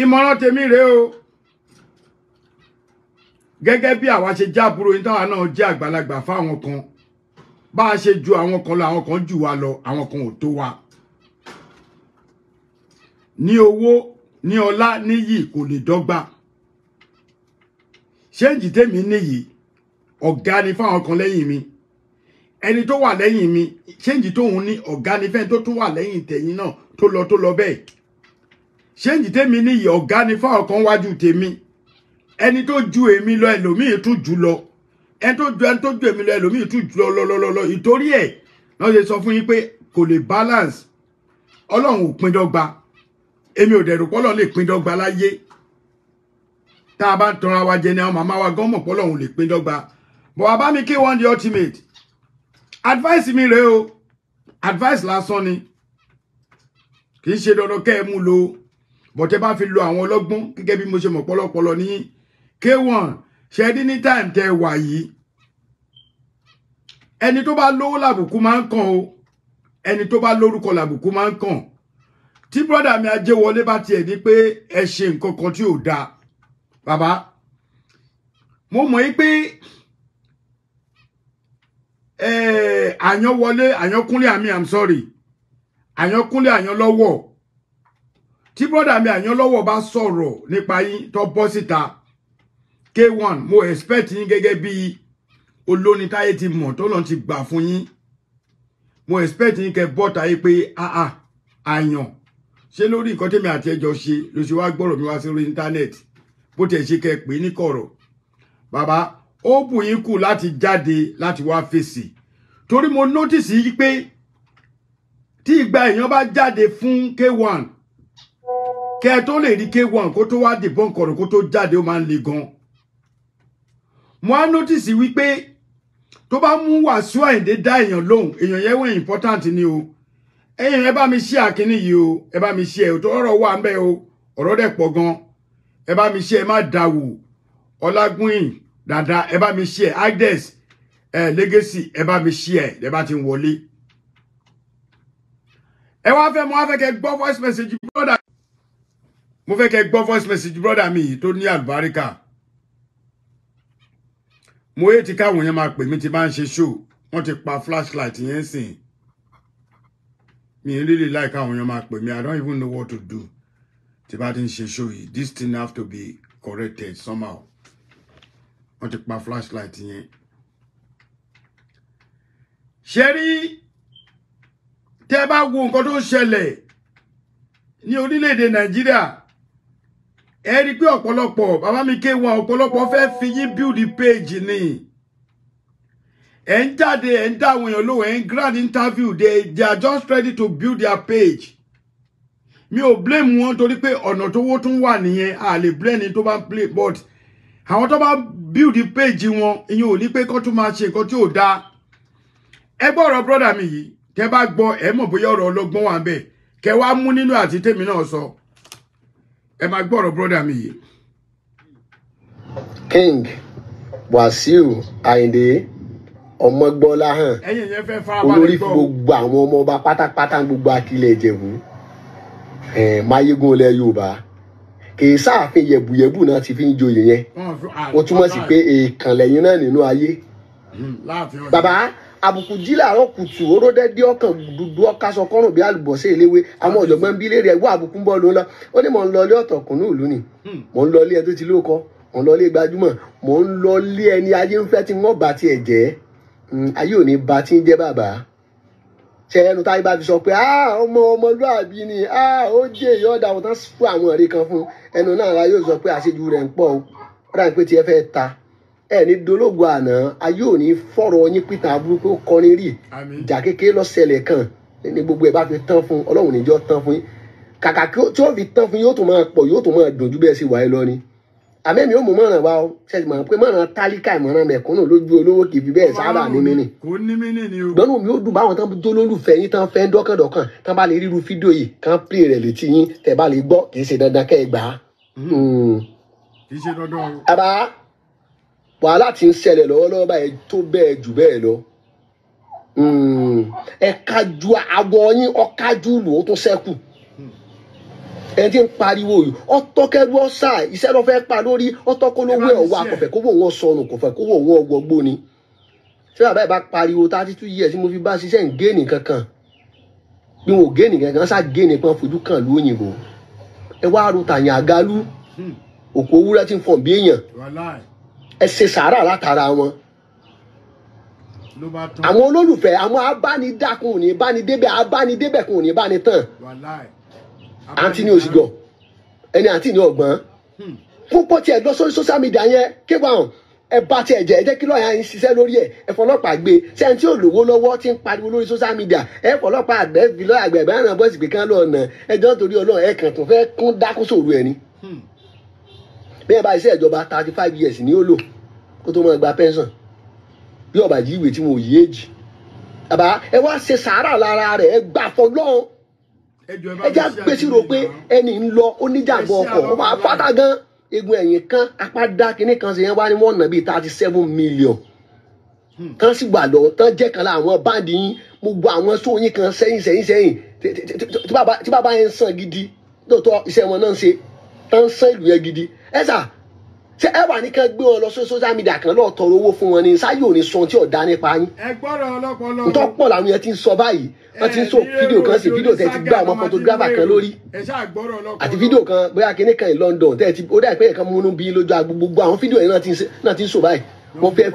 ìmọ̀ràn tèmi rèé o gẹ́gẹ́ bí àwa ṣe já àbúrò yín táwa náà jẹ́ àgbàlagbà fáwọn kan bá a ṣe ju àwọn kan lọ àwọn kan jù wá lọ àwọn kan ò tó wa ní owó ní ọlá níyì kò lè dọ́gba ṣéǹjì tèmi níyì ọ̀gá ni fáwọn kan lẹ́yìn mi ẹni tó wà lẹ́yìn mi ṣéǹjì tóun ní ọ̀gá ni fẹ́ni tó tún wà lẹ́yìn tẹ̀yìn náà tó lọ tó lọ bẹ́ẹ̀ ṣéǹjì tèmi níyì ọ̀gá ni fáwọn kan wájú tèmi ẹni tó ju èmi lọ ẹlòmíì tún jù lọ ẹni tó ju ẹni tó ju èmi lọ ẹlòmíì tún jù lọ lọlọlọlọ ìtorí ẹ̀ náà ṣe sọ fún yín pé kò lè balance ọlọ́run ò pín dọ́gba èmi ò dẹ̀rù pọ́lọ́run lè pín dọ́gba láyé tá a bá ń tanra wa jẹ ni àwọn màmá wa gan mọ̀ pọ́lọ́run lè pín dọ́gba bọ̀ wá bá mi kí wọ́n di ultimate advice mi rèé o advice lásán ni kì í ṣe dandan kẹ́ ẹ mú lò bọ̀tẹ́ bá fi lo àwọn ọlọ́gbọ́n gẹ́gẹ́ bí mo ṣe mọ̀ pọ́lọ́pọ́lọ́ ní k1 ṣe dín ní time tẹ wà yìí ẹni tó bá lówó làbùkù máa ń kàn o ẹni tó bá lórúkọ làbùkù máa ń kàn tí brọ́dà mi Ajéwọlé bá tiẹ̀ ní pé ẹ ṣe nǹkan kan tí ò dáa bàbá mo mọ̀ yí pé eh, àyànwọlé àyànkúnlé àmì I'm sorry àyànkúnlé àyànlọ́wọ́ tí brọ́dà mi Àyànlọ́wọ́ bá sọ̀rọ̀ nípa yín tó bọ́ síta k1 mo expect yín gẹ́gẹ́ bí olórin táyé ti mọ̀ tó lọ́n ti gbà fún yín mo expect yín kẹ́ bọ́ táyé pé àà àyàn ṣé lórí nǹkan tèmi àti ẹjọ́ ṣe ló ṣe wá gbọ́rọ̀ mi wá sí orí íńtánẹ́ẹ̀tì bó tiẹ̀ ṣe kẹ́ pè é ní kọ̀rọ̀ bàbá ó bù yín kù láti jáde láti wá fèsì mo notice yí pé tí ìgbà èèyàn bá jáde fún k1 kẹ tó lè rí k1 kó tó wá dìbọn kọ̀rọ̀ kó tó jáde ó máa ń le gan mo á nọ́tìsì wípé tó bá mú Wàsíù Àyìndé dá èèyàn lóhùn èèyàn yẹn wọ̀n important ni o èèyàn ẹ bá mi ṣe àkíní yìí o ẹ bá mi ṣe ẹ tó ọ̀rọ̀ wà ńbẹ̀ o ọ̀rọ̀ dẹ̀ pọ̀ gan ẹ bá mi ṣe ẹ má dàwù Ọlágúnyìn dàda ẹ bá mi ṣe ẹ agnes ẹ legacy ẹ bá mi ṣe ẹ ẹ bá ti wọlé ẹ wá fẹ́ mo wá fẹ́ kẹ́ gbọ́ voice message brother mo fẹ́ kẹ́ gbọ́ voice message brother mi tó ní àlùbáríkà mo yé ti káwọn yẹn máa pè mí ti máa ń ṣe show wọ́n ti pa flashlight yẹn sìn mi really like káwọn yẹn máa pè mí i don't even know what to do tí bá ti ń ṣe show yìí this thing have to be corrected somehow wọ́n ti pa flashlight yẹn ṣe rí tẹ́ bá wo nǹkan tó ń ṣẹlẹ̀ ní orílẹ̀-èdè nàìjíríà ẹ rí i pé ọ̀pọ̀lọpọ̀ bàbá mi ké wa ọ̀pọ̀lọpọ̀ fẹ́ fi yín build page ni ẹ̀ ń jáde ẹ̀ ń dáwọn èèyàn lówó ẹ̀ ń grand interview they they are just ready to build their page mi ò blame wọn torí pé ọ̀nà tówó tún wà nìyẹn a lè blame tó bá play but àwọn tó bá build page wọn ìyẹn ò ní pé kó tún máa ṣe nǹkan tí ò dáa ẹ gbọ́ ọ̀rọ̀ brọ́dà mi yìí tẹ́ bá gbọ́ ẹ mọ̀ bóyá ọ̀rọ̀ ọlọ́gbọ́n wà ń bẹ̀ kẹ́ wá mú nínú àti tèmi náà sọ. So ẹ máa gbọ́rọ̀ brọ́dà mi yìí. king wasiu ayinde ọmọgbọ́láhàn olórí gbogbo àwọn ọmọ ọba pátápátá gbogbo akilẹ̀ ìjẹ̀bú mayegun ilẹ̀ yorùbá kìí sáàfin yẹ̀bùyẹ̀bù náà ti fi ń joyè yẹn ó túmọ̀ sí pé èèkàn lẹ́yìn náà nínú ayé hmm, bàbá àbùkù jí làárọ̀ kùtù oró dẹ́dí ọkàn dúdú ọkà sọkọ́rùn bí àlùbọ̀sẹ̀ eléwé àwọn ọ̀jọ̀gbọ́n bí léèrè ẹ̀wọ́ àbùkù ń bọ́ ló lọ ó ní mò lọ ọ̀tọ̀kùnú ni mò ń lọ hmm. ẹ tó ti lóko mò ń gbajúmọ̀ mò ń ẹni ayé ń fẹ́ tí wọ́n bá tiẹ̀ jẹ́ hmm, ayé ò ní ba tí ń jẹ́ bàbá ṣe ẹnu táyé bá fi sọ pé ọmọ ọmọlúàbí kan fún ẹnu náà ara yóò sọ pé àṣejù rẹ̀ ń pọ̀ ó rà ń pé ẹ ní dológun àná ayé òní fọ̀rọ̀ yín pété aburúkú kọrin rí ìjà kékeré lọ́sẹ̀lẹ̀ kan ní gbogbo ẹ̀ bá fi tán fún ọlọ́run níjọ́ tán fún yín kàkà tí ó fi tán fún yóò tún máa pọ̀ yóò tún máa dùn ju bẹ́ẹ̀ sí wáyé lọ ni àmẹ́mi ó mú mọ̀ràn wa ó ṣẹ̀ṣì mọ̀ pé mọ̀ràn tálíkà ìmọ̀ràn mẹ̀kúnnù lójú olówó kìí fi bẹ́ẹ̀ sábà ní mí nì. o. gbọ́dọ̀ mi ó dùn báwọn tán tó lólùfẹ́ yín tán fẹ́ dọ́kàndọ́kàn tán bá lè ríru fídíò yìí kán pè rẹ̀ létí yín tẹ̀ bá lè gbọ́ kì í ṣe dandan kẹ́ ẹ gbà á. Mm-hmm. Hmm. kì í ṣe dandan o wàhálà tí ń ṣẹlẹ̀ lọ́wọ́lọ́wọ́ báyìí tó bẹ́ẹ̀ jù bẹ́ẹ̀ lọ hmm. ẹ kájú àgọ́ yín ọ̀kájú lò ó tó ṣẹ́kù ẹ ti ń pariwo yìí ọtọkẹrù ọsà iṣẹ́ ló fẹ́ pa lórí ọtọkọlówó ẹ wà kọfẹ kówó wọn sọnù kọfẹ kówó wọn gbọgbó ni ṣé bàbá ẹ bá pariwo thirty two years mo fi bá ṣiṣẹ́ ń kankan bí wọn géènì kankan ṣá géènì pọn fojú kan ló ẹ wá ro tàyàn àgálù hmm. òkú owúrẹ́ ti ń fọ̀ bí èèyàn ẹ ṣe sàárà látara wọn àwọn olólùfẹ́ àwọn abánidakùn ní bánidébẹ̀ abánidébẹ̀kùn ní bánitán àǹtí ní òsìgọ̀ ẹni àǹtí ní ọ̀gbọ́n hmm. púpọ̀ tiẹ̀ lọ sórí social media yẹn kébà hàn ẹ bá tiẹ̀ jẹ́ ẹ jẹ́ kí lọ́ọ̀yà yín ṣiṣẹ́ lórí ẹ̀ ẹ fọlọ́pàá gbé sẹ́ni tí ò lówó lọ́wọ́ ti ń pariwo lórí social media ẹ fọlọ́pàá àgbẹ̀ fi lọ́ọ̀yà àgbẹ̀ bá ràn bọ́ọ̀sì gbé kán lọ́ọ̀nà ẹjọ́ torí ọlọ́ọ̀ ẹ kàn tó fẹ́ kún dákúsòrò ẹ̀ ni. Hmm bẹ́ẹ̀ bá iṣẹ́ ìjọba thirty five years ni ó lò kó tó máa gba pension bí ọba yìí ìwé tí mo yí èjì àbá ẹ wá ṣe sàárà lára rẹ̀ ẹ gbà fọlọ́run ẹ já gbèsè rò pé ẹni ń lọ oníjàmbá ọkọ̀ ó máa fátá gan egun ẹ̀yìn kan apá dá kinní kan ṣe yẹn wá ní wọ́n nà bíi thirty seven million hmm. tán sì gbà lọ tán jẹ́ kan lára àwọn báńdì yín mo gbọ́ àwọn sóyin kan sẹ́yìn sẹ́yìn sẹ́yìn tí bàbá yẹn ń sàn gidi lóòótọ́ iṣẹ́ wọn náà ń ṣe tán ń sàn ìlú yẹn gidi ẹ sà ẹ wà ní kẹ́ gbé ọ lọ sí social media kan lọ́ọ́ tọrọ owó fún wọn ni sáyò ní sọ tí ọ̀dá nípa yín. ẹ gbọ́dọ̀ ọlọ́pọ̀lọ́. ntọ́ pọ̀ làwọn yẹn ti ń sọ báyìí wọ́n ti ń sọ fídíò kan sí fídíò tẹ́ ti gbá ọmọ photographer kan lórí. àti fídíò kan bóyá kíní kan ní London tẹ́ ti ó dà pé ẹ̀ka múnú bí lójú agbo àwọn fídíò yẹn náà ti ń sọ báyìí wọ́n fẹ́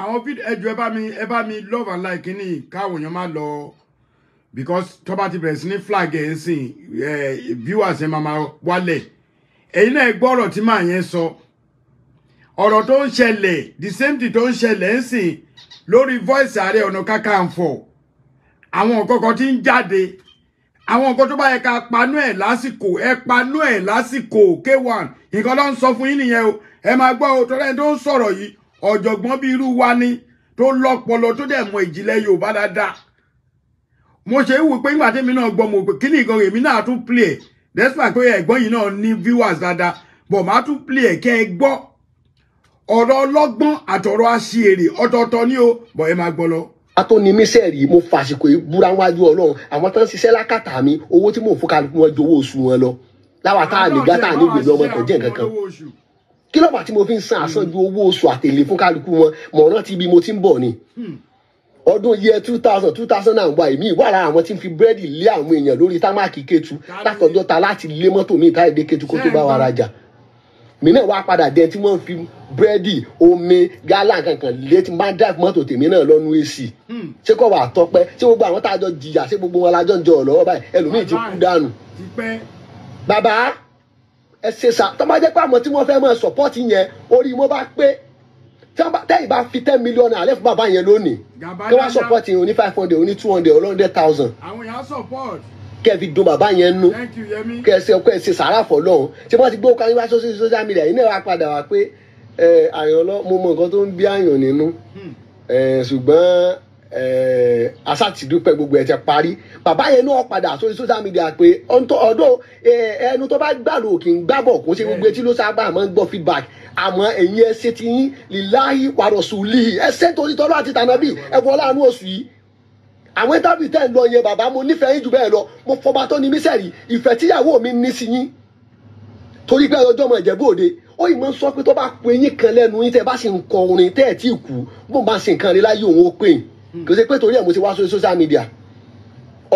àwọn fídíò ẹjọ ẹ bá mi ẹ bá mi love and like ní káwọn èèyàn máa lọ because tó bá ti bẹ̀rẹ̀ sí ní flag ẹ̀ ń sìn viewers ẹ̀ máa máa wálẹ̀ ẹ̀yin náà gbọ́ ọ̀rọ̀ tí màá yẹn sọ ọ̀rọ̀ tó ń ṣẹlẹ̀ the same thing tó ń ṣẹlẹ̀ ń sìn lórí voice Ààrẹ Ọ̀nà Kakanfò àwọn nǹkan kan ti ń jáde àwọn nǹkan tó bá yẹ ká panú ẹ̀ lásìkò ẹ panú ẹ̀ lásìkò k one. nǹkan ló ń sọ fún yín nìyẹn o ẹ máa gbọ́ o tọ́lá ẹni tó ń sọ̀rọ̀ yìí ọ̀jọ̀gbọ́n bí irú wa ni tó lọ́pọlọ tó dẹ̀ mọ ìjìnlẹ̀ Yorùbá dáadáa mo ṣe wù pé nígbà tẹ́mi náà gbọ́ mo pé kí ni nǹkan èmi náà tún play ẹ̀ despite pé ẹ̀gbọ́n yìí náà ní viewers dáadáa bọ̀ máa tún play ẹ̀ kẹ́ ẹ gbọ́ ọ̀rọ̀ ọlọ́gbọ́n àtọ̀rọ̀ àṣìírè ọ̀tọ̀ọ̀tọ̀ ni o bọ̀ ẹ máa gbọ́ lọ atónimisẹ́ rí mo fàṣìkò ìbúra wájú ọlọ́run àwọn tó ń ṣiṣẹ́ lákàtà mi owó tí mò ń fún kálukú wọn jowó oṣù wọn lọ láwa tá a nígbà tá a nígbè lọ́mọ ẹ̀kọ́ jẹ́ nǹkan kan kí ló bá tí mo fi ń san àsan hmm. ju owó oṣù àtèlé fún kálukú wọn mọ̀ rántí bí mo ti ń bọ̀ ni hmm. ọdún yẹ two thousand two thousand and one èmi ìwà ara àwọn tí ń fi búrẹ́dì lé àwọn èèyàn lórí támákì Kétu látọjọ́ ta láti lé mọ́tò mi ìtàdé Kétu kó tó bá wa rajà mi náà wá padà dé tí wọ́n fi búrẹ́dì omi gálà kankan lé tí máa dáìfù mọ́tò tèmi náà lọ́nu èsì hmm. ṣé kò wà tọ́pẹ́ ṣé gbogbo àwọn tá a jọ jìyà ṣé gbogbo wọn la jọ ń jọ ọ̀lọ́wọ́ báyìí ẹlòmíì ti kú dànù. bàbá ẹ ṣe sà tó bá jẹ́ pé àwọn tí wọ́n fẹ́ máa support yẹn orí wọn bá pé tẹ́yìn bá fi ten million naira lẹ́fún bàbá yẹn lónìí kí wọ́n support yẹn oní five hundred oní two hundred one hundred thousand. àwọn yàrá support kẹ fi dun bàbá yẹn nú kẹ ẹ ṣe ọkọ ẹ ṣe sàrà fọ́lọ́run tí wọn ti gbé ọkàn wá sósì social media yìí náà wá padà wá pé àyànlọ mo mọ nǹkan tó ń bí àyàn nínú hmm. ṣùgbọ́n Eh, asátìdúpẹ́ gbogbo ẹ̀ tẹ parí bàbá yẹn náà padà sórí social media pé ọdọ ẹnu tó bá gbàdọ̀ kì í gbàbọ̀ kó ṣe gbogbo etí ló sábà máa ń gbọ́ feedback àmọ́ ẹ̀yin ẹ ṣe ti yín lìláyì wàrọ̀sùn lì ẹ ṣe torí tọ́lọ́ àti tànàbí ẹ wọlé àánú oṣù yìí àwọn interview tẹ́ ń lọ yẹn bàbá mo nífẹ̀ẹ́ yín jù bẹ́ẹ̀ lọ mo fọba tó ní mísẹ̀rì ìfẹ́ tíyàwó mi ní sí yín torí pé ọjọ́ ọmọ ìjẹ̀bú òde ó yìí máa ń sọ pé tó bá pe yín kan lẹ́nu yín tẹ́ bá sì ń kọ orin tẹ́ ẹ̀ tí ì kú bó máa ṣe nǹkan rí láyé òun ó pè yín Hmm. kò sí pé torí ẹ̀ mo ti wá sórí social media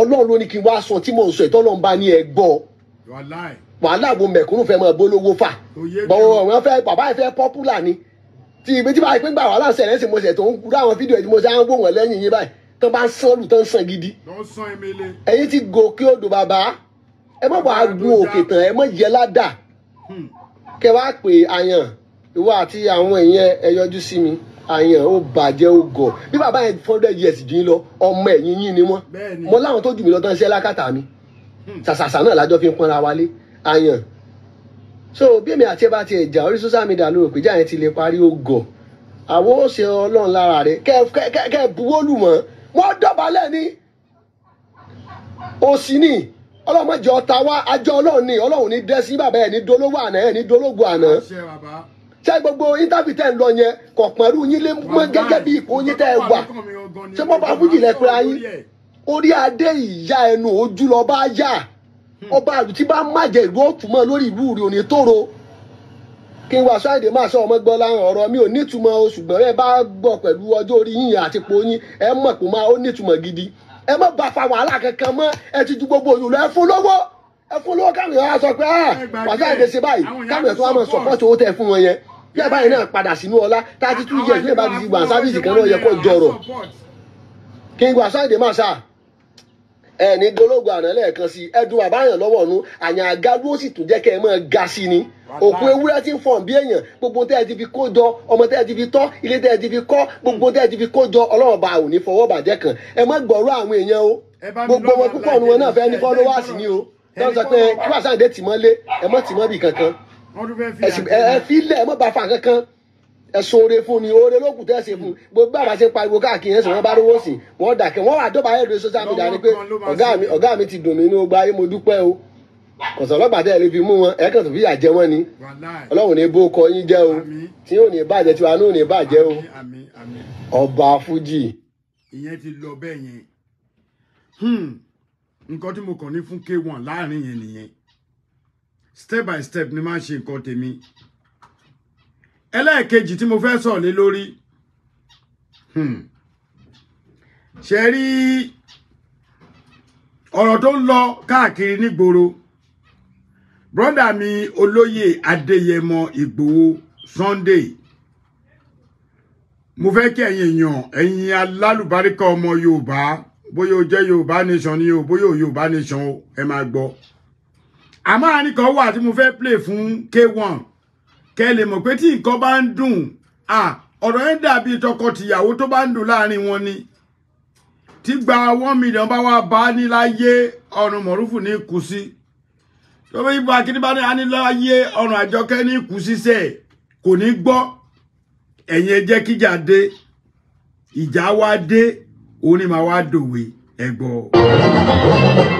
ọlọ́run ló ní kí n wá sọ tí mò ń sọ ìtọ́lọ́run bá ní ẹ gbọ́ wàhálà wo mẹ̀kúnnù fẹ́ mọ bólówó fà bọ̀wọ̀ wọn fẹ́ bàbá ẹ fẹ́ pọ́pùlà ni tí ibi tí bá pín gbà wàhálà ṣẹlẹ̀ sí mo ṣẹ̀ tó ń kú láwọn fídíò ẹ̀ tí mo ṣe à ń wò wọ́n lẹ́yìn yín báyìí tó bá ń sán lù tó ń sàn gidi ẹ̀yin ti gòkè odò bàbá ẹ mọ̀ wàá gun òkè tán ẹ mọ̀ yẹ ládà hmm. kẹ wá pè àyàn ìwọ àti àwọn èèyàn ẹ yọjú sí mi àyàn ó bàjẹ́ ó gọ̀ bí bàbá yẹn four hundred years dín lọ ọmọ ẹ̀yìn yín ni wọ́n mo láwọn tó jù mí lọ tán ṣẹ́ lákàtà mi ṣàṣàṣà hmm. náà lájọ́ fi ń pọ́nra wálé àyàn so bí èmi àti ẹ bá ti ẹ̀ jà orí social media ló rò pé jáyẹn ti lè parí ó gọ̀ àwọn ó ṣe ọlọ́run lára rẹ̀ kẹ́ ẹ buwọ́lù wọ́n wọ́n dọ̀bálẹ̀ ni òsì ni ọlọ́mọdé ọ̀tá wa àjọ ọlọ́run ni ọlọ́run ní dẹ́sí bàbá ẹ̀ ní dolówó àná ẹ̀ ní dológun àná ṣé gbogbo interview tẹ̀ ń lọ yẹn kò pẹ̀lú yín lé mọ́ gẹ́gẹ́ bí ipò yín tẹ́ ẹ wà ṣé pọ́pá fújì lẹ pé ayé orí adé ìyá ẹnu ojú lọ bá yà hmm. ọba àlù tí bá májẹ ìlú òtúmọ̀ lórí ìlú rí òní tóró kí n wá aṣọ àìdè máa ṣe ọmọ gbọ́ láwọn ọ̀rọ̀ mi ò nítumọ̀ o ṣùgbọ́n ẹ bá gbọ́ pẹ̀lú ọjọ́ orí yín àti ipò yín ẹ mọ̀ pé máa ó nítumọ̀ gidi ẹ má bá fa wàhálà kankan mọ́ ẹ ti ju gbogbo òyìnbó ẹ fún lọ́wọ́ ẹ fún lọ́wọ́ káwọn èèyàn á sọ pé ah wàhálà ìdè ṣe báyìí káwọn èèyàn tó wà mọ̀ sọ̀pọ̀tì owó tẹ̀ fún wọn yẹn bí àbáyé náà padà sínú ọlá thirty two years lè bá ti gbà sáfíìsì kan náà yẹ kó jọrọ kí n gbà sáyẹ̀dẹ̀ máa ṣá ẹni dológun àná lẹ́ẹ̀kan sí ẹdun àbáyàn lọ́wọ́ nu àyàn àgádú ó sì tún jẹ́ kẹ́ ẹ máa ga sí ni òkú ewúrẹ́ ti ń fọ̀n bí èèyàn gbogbo tẹ́ ẹ ti fi kó jọ ọmọ tẹ́ ẹ ti fi tọ́ ilé tẹ́ ẹ ti fi kọ́ gbogbo tẹ́ ẹ ti fi kó jọ ọlọ́run bá ò fọwọ́ bàjẹ́ kan ẹ má gbọ́rọ̀ àwọn èèyàn o gbogbo wọn púpọ̀ nu wọn náà fẹ́ ní fọ́lọ́wọ́sì ni o lọ́sọ̀ pé kí wàá sáyẹ̀dẹ̀ tì mọ́lé ẹ má tì mọ́ bì kankan ẹ fi ilẹ̀ ẹ mọ̀ bá fa kankan ẹ ṣoore fún ni oore lókùn tẹ́ ṣe fún gbogbo àbá ṣe pariwo káàkiri ẹ̀sìn wọn bá rówó sí wọn dàkẹ́ wọn wà dọ́ba ẹ̀rọ social media ni pé ọ̀gá mi ti dùn mí ní ogbó ayé mo dúpẹ́ o kọ̀sán ọlọ́pàá tẹ́ ẹ lè fi mú wọn ẹ̀ẹ́kan tó fi yà jẹ wọn ni ọlọ́run ní bó kọ yín jẹ́ o tí yóò ní bàjẹ́ tiwa náà ní bàjẹ́ o ọba fújì. ìyẹn ti lọ bẹ́ẹ̀ yẹn hmm. nǹkan tí mo kàn ní fún k1 láàrin yẹn nìyẹn step by step ni máa ń ṣe nǹkan tèmi ẹlẹ́ẹ̀kejì tí mo fẹ́ sọ̀rọ̀ lé lórí hmm, ṣe rí ọ̀rọ̀ tó ń lọ káàkiri nígboro brọ́dà mi olóyè adeyemo ìgbòho sunday mo fẹ́ kí ẹ̀yin èèyàn ẹ̀yin alálùbáríkà ọmọ yorùbá bóyá o jẹ́ yorùbá nation ni o bóyá o nation o ẹ máa gbọ́ àmọ́ àárín kan wà tí mo fẹ́ play fún K1 kẹ lè mọ̀ pé tí nǹkan bá ń dùn ọ̀rọ̀ yẹn dàbí tọkọ tó bá ń dùn láàrin wọn ni tí gba one million bá wá bá ní láyé ọ̀run mọ̀rúfù ní kù sí tó bí ibà kí ní bá ní aníláyé ọ̀run àjọkẹ́ ní kù sí sẹ́ kò ní gbọ́ ẹ̀yin jẹ́ kíjà dé ìjà wá dé òun ni dòwe ẹ̀gbọ́n.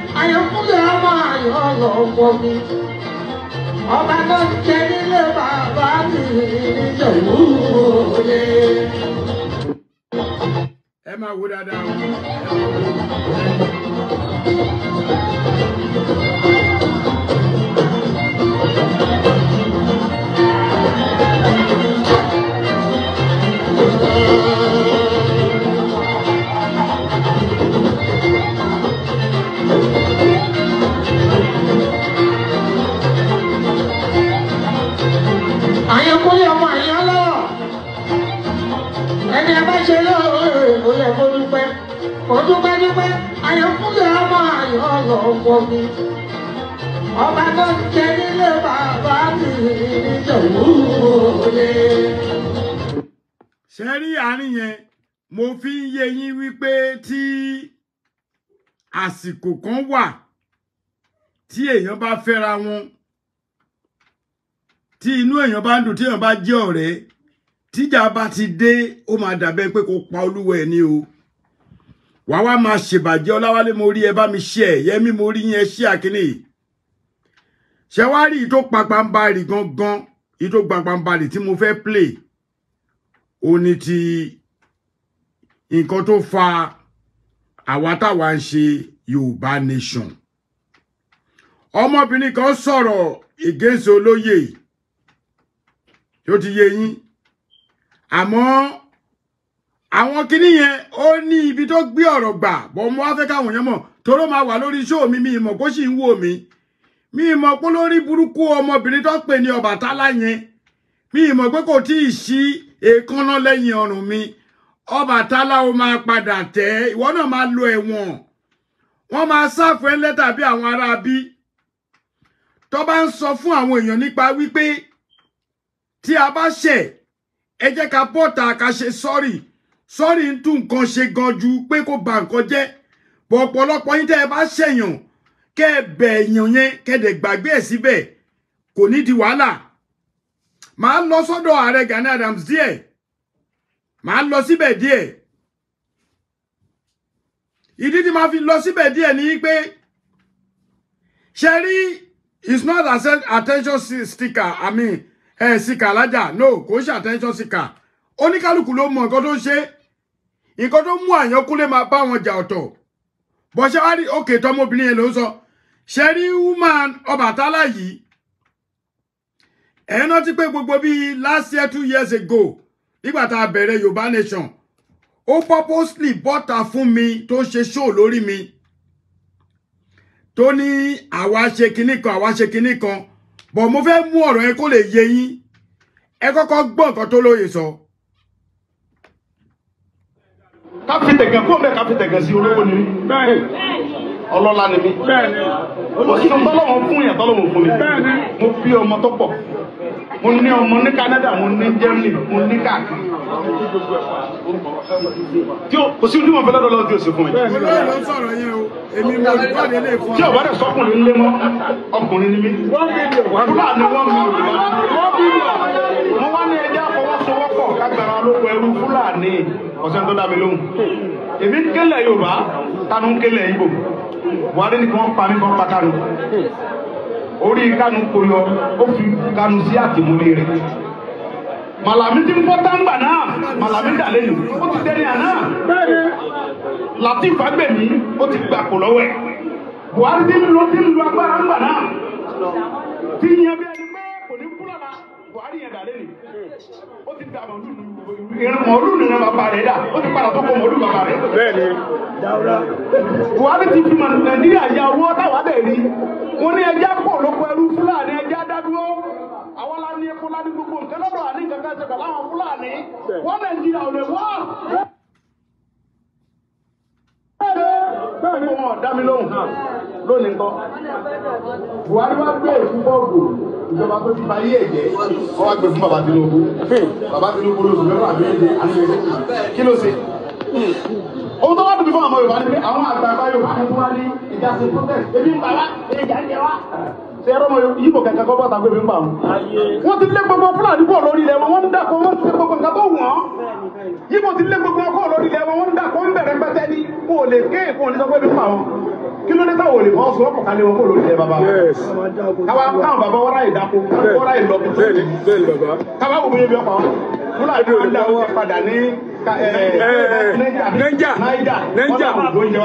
Àyọ̀kúnlẹ̀ ọmọ ayọ̀ ọlọ́mọ mi. Ọba tó jẹ nílé bàbá mi níjọ̀wọ́ òye. Ẹ máa wo dáadáa mo rí àárín mo fi ń yé yín wípé tí àsìkò kan wà tí èèyàn bá fẹ́ra wọn tí inú èèyàn bá ń dùn tí èèyàn bá jẹ́ ọ̀rẹ́ tíjà bá ti dé ó máa dàbẹ́ pé kó pa olúwa ẹ̀ ní o wà wá máa ṣèbàjẹ́ ọláwálé mo rí ẹ bá mi ṣe ẹ yẹmí mo rí yẹn ṣe àkíní ṣe wá rí ìtò pàpàǹbarì gangan ìtò pàpàǹbarì tí mo fẹ́ play ó ní ti nǹkan tó fa àwa táwa ń ṣe yorùbá nation ọmọbìnrin kan sọ̀rọ̀ against olóyè yóò ti yé yín àmọ́ àwọn kinní yẹn ó ní ibi tó gbé ọ̀rọ̀ gbà bọ́ mo wá fẹ́ káwọn yẹn mọ̀ tóró máa wà lórí iṣẹ́ mi mi ìmọ̀ kó sì ń wò mí mi ìmọ̀ pé lórí burúkú ọmọbìnrin tó pè ní Ọbàtálá yẹn mi ìmọ̀ pé kò tí ì sí èékánná lẹ́yìn ọrùn mi Ọbàtálá ó máa padà tẹ́ ìwọ náà máa lo ẹ̀wọ̀n wọ́n máa sáfù lẹ́tà bí àwọn ará bí tó bá ń sọ fún àwọn èèyàn nípa wípé tí a bá ṣẹ̀ ẹ jẹ́ ká bọ́ta ká ṣe sọ́rí sọ́ọ̀rì ń tún nǹkan ṣe gan ju pé kó ba nǹkan jẹ́ bọ̀ ọ̀pọ̀lọpọ̀ yín tẹ́ ẹ bá ṣèyàn kẹ́ ẹ bẹ̀ èèyàn yẹn kẹ́dẹ̀ gbàgbé ẹ̀ síbẹ̀ kò ní di wàhálà màá lọ sọ́dọ̀ ààrẹ Gani Adams díẹ̀ màá lọ síbẹ̀ díẹ̀ ìdí tí màá fi lọ síbẹ̀ díẹ̀ ni pé ṣe rí it's not attention sticker i mean ẹ̀ sìkà lájà no kò ń ṣe attention sticker oníkálukú ló mọ nǹkan tó ń ṣe nǹkan tó mú Àyànkúnlé máa bá wọn jà ọ̀tọ̀ bó ṣe wá rí òkè tọmọbìnrin yẹn ló ń sọ ṣe rí woman Ọbàtálá yìí ẹ̀ẹ́nà ti pé gbogbo bíi last year two years ago nígbà tá a bẹ̀rẹ̀ Yorùbá nation ó purposely bọ́ta fún mi tó ṣe show lórí mi tó ní àwa ṣe kinní kan àwa ṣe kinní kan bọ̀ mo fẹ́ mú ọ̀rọ̀ yẹn kó lè yé yín ẹ kọ́kọ́ gbọ́ nǹkan tó lóye sọ. So ká fi tẹ̀gàn kó mẹ́ ká fi tẹ̀gàn sí olówó ni mí ọlọ́lá ni mí ó sì ń tọ́lọ́wọ́ fún yẹn tọ́lọ́wọ́ fún mi mo bí ọmọ tó pọ̀ mo ní ọmọ ní Canada mo ní Germany mo ní káàkiri tí o kò sí ojú mọ̀ fẹ́lẹ́ lọ́dọ̀ tí o sì fún mi. tí o bá dẹ̀ sọkùnrin lé mọ́ ọkùnrin ni mí fúlàní wọ́n mi wọ́n bí mi wọ́n wá ní ẹjẹ́ àfọwọ́sowọ́pọ̀ kágbára olóko ẹrú fúlàní ọ̀sẹ̀ tó dá mi lóhùn èmi ń kélé Yorùbá tanu ń kélé Ìgbò Buhari ni kí wọ́n pa mí kí wọ́n pa Kánú orí Kánú kò yọ ó fi Kánú sí àtìmọ́lé rẹ̀ Màlàmí ti ń fọ́ táǹgbà náà Màlàmí dà lẹ́yìn ó ti dẹ́ni àná Latif Fagbemi ó ti gbà kò lọ́wọ́ ẹ̀ Buhari ti ń lo ti ń lo agbára ńgbà náà ti yan bí ẹni buhari yẹn dà lẹ́nu hmm. ó ti dà mọ̀lú mọ̀lú nínú bàbá rẹ̀ dà ó ti padà tó kọ mọ̀lú bàbá rẹ̀. bẹ́ẹ̀ni dawura. buhari ti fi nàìjíríà ya owó táwa dẹ̀ rí wọn ní ẹja pọ̀ lóko ẹrú fúlàní ẹja dádúró àwọn la ní epo la ní gbogbo nǹkan lọ́dọ̀ àní kankan ṣe pẹ̀lú àwọn fúlàní wọn nàìjíríà ò lè wá gbogbo wọn dá mi lóhùn hàn lónìí kọ. buhari wá gbé èkú bọ́ọ̀gù ìjọba tó ti parí ẹ̀jẹ̀ wọ́n wá gbé fún bàbá tinubu bàbá tinubu ló sọ fẹ́ràn àbí ẹ̀jẹ̀ àníyànjú kí ló ṣe. ohun tó wá dùn mí fún àwọn yorùbá ni pé àwọn àgbààgbà yorùbá ni wọ́n ní ìjà sí protest ebi ń bà wá ìjà ń jẹ wá ṣe ẹrọ yìí kò kẹkẹ kọ bọta gbẹmí pa wọn. wọn ti lé gbogbo fúlàní bọ lórí rẹ wọn ń dàkọ yìí kò ti lé gbogbo ò lè ké ìfún òní sọpẹ́ bímọ àwọn kí ló ní táwọn ò lè fọ́ sọ ọkọ̀ kalẹ̀ wọn kó lórí ilẹ̀ bàbá káwa káwọn bàbá wọ́n ráyè dáko wọ́n ráyè lọ káwa wò bóyá bí ọkọ̀ wọn fúlàní wọn dá wọn padà ní Naija Naija bọ́tọ̀nù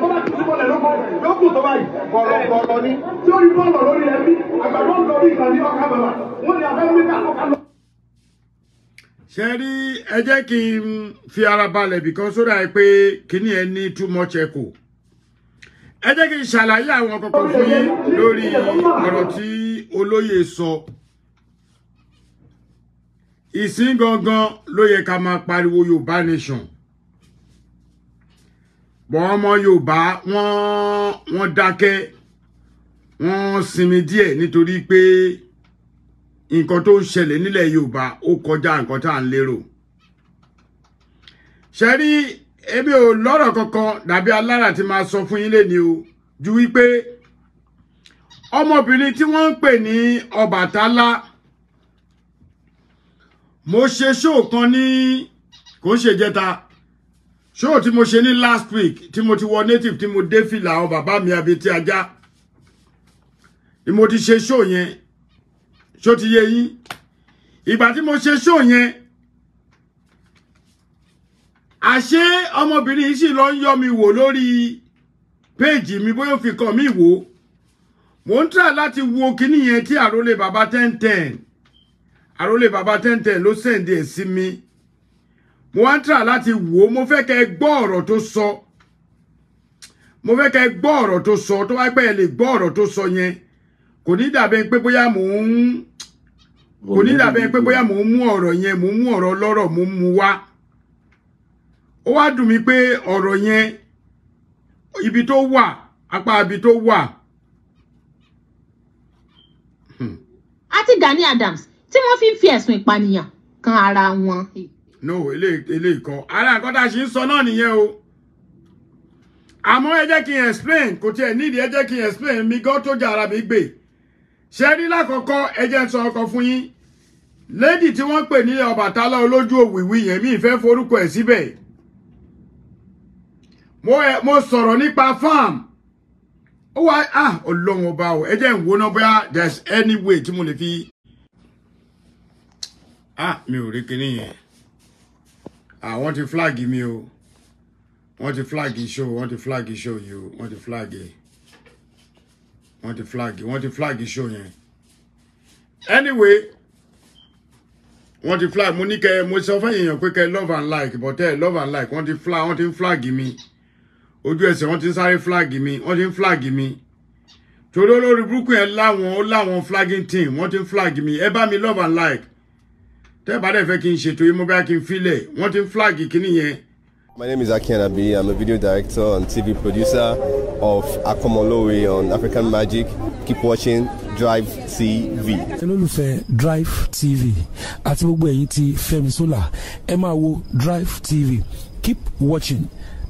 bọ́tọ̀nù síbọ̀lẹ̀ lóko lókùn tó báyìí bọ̀lọ̀bọ̀lọ̀ ni tí ó rí bọ́ọ̀lù lórí ẹbí àgbàdo ń lọ bí ọkà bàbà wọ́n ní abẹ́ mẹ́ta ọkà lọ. ṣe rí ẹ jẹ́ kí n fi ara balẹ̀ bìkan sódà ẹ pé kíní ẹ ní too much echo ẹ jẹ́ kí n ṣàlàyé àwọn kọ̀ọ̀kan fún yín lórí ọ̀rọ̀ tí olóyè sọ ìsìn gangan ló yẹ ká máa pariwo Yorùbá nation bọ́n ọmọ yorùbá wọ́n wọ́n dákẹ́ wọ́n sinmi díẹ̀ nítorí pé nǹkan tó ń ṣẹlẹ̀ nílẹ̀ yorùbá ó kọjá nǹkan tá à ń lérò ṣẹ́rí èmi ò lọ́rọ̀ kankan dàbí alára tí máa sọ fún yín lẹ́ni o ju wípé ọmọbìnrin tí wọ́n ń pè ní Ọbàtálá mo ṣe ṣóò kan ní kò ń ṣèjẹta ṣó tí mo ṣe ní last week tí mo ti wọ native tí mo dé fìlà àwọn bàbá mi abetí ajá ni mo ti ṣe ṣó yẹn ṣó ti yé yín ìgbà tí mo ṣe ṣó yẹn àṣé ọmọbìnrin yìí sì lọ ń yọ mi wò lórí péèjì mi bóyá fi kàn mí wò mo ń tà láti wo kinní yẹn tí àrólé bàbá ten ten àrólé bàbá ten ten ló sẹ̀ǹdì ẹ̀ sí mi mo wá ń tà láti wò ó mo fẹ́ kẹ́ ẹ gbọ́ ọ̀rọ̀ tó sọ mo fẹ́ kẹ́ ẹ gbọ́ ọ̀rọ̀ tó sọ tó wá pẹ́ ẹ lè gbọ́ ọ̀rọ̀ tó sọ yẹn kò ní dàbẹ́ pé bóyá mò ń kò ní dàbẹ́ pé bóyá mò ń mú ọ̀rọ̀ yẹn mò ń mú ọ̀rọ̀ lọ́rọ̀ mò ń mu wá ó wá dùn mí pé ọ̀rọ̀ yẹn ibi tó wà apá ibi tó wà. Hmm. àti Gani Adams tí wọ́n fi ń fi ẹ̀sùn ìpànìyàn kan ara wọn no eléyìí kan ara nǹkan tá a ṣe ń sọ náà nìyẹn o àmọ́ ẹ jẹ́ kí n explain kò tiẹ̀ nídìí ẹ jẹ́ kí n explain mi gan tó jẹ́ ara mi gbè ṣe rí lákọ̀ọ́kọ́ ẹ jẹ́ n sọ ọkọ̀ fún yín lady tí wọ́n pè ní Ọbàtálá olójú òwìwí yẹn mi ìfẹ́ forúkọ ẹ̀ síbẹ̀ mo sọ̀rọ̀ nípa farm ó wá ah ọlọ́run ọba o ẹ jẹ́ wo náà bóyá there's any way tí mo lè fi ah mi ò rí kinní yẹn àwọn ah, ti flag mi o wọ́n ti flag show wọ́n ti flag show yìí o wọ́n ti flag wọ́n ti flag wọ́n ti flag show yẹn anyway wọ́n ti flag mo ní kẹ mo sọ fún èèyàn pé kẹ love and like but ẹ love and like wọ́n ti flag wọ́n ti flag mi ojú ẹsẹ̀ wọ́n ti sáré flag mi wọ́n ti flag mi torí olórí burúkú yẹn láwọn ó láwọn flagging team wọ́n ti flag mi ẹ bá mi love and like tẹ́ bá dẹ̀ fẹ́ kí n ṣètò yìí mo bá kí n filẹ̀ wọ́n ti ń flag kínní yẹn. My name is Aki Anabi. I'm a video director and TV producer of Akomolowe on African Magic. Keep watching Drive TV. Olólùfẹ́ Drive TV àti gbogbo ẹ̀yin ti Fẹ́mi Sola, ẹ máa wo Drive TV. Keep watching.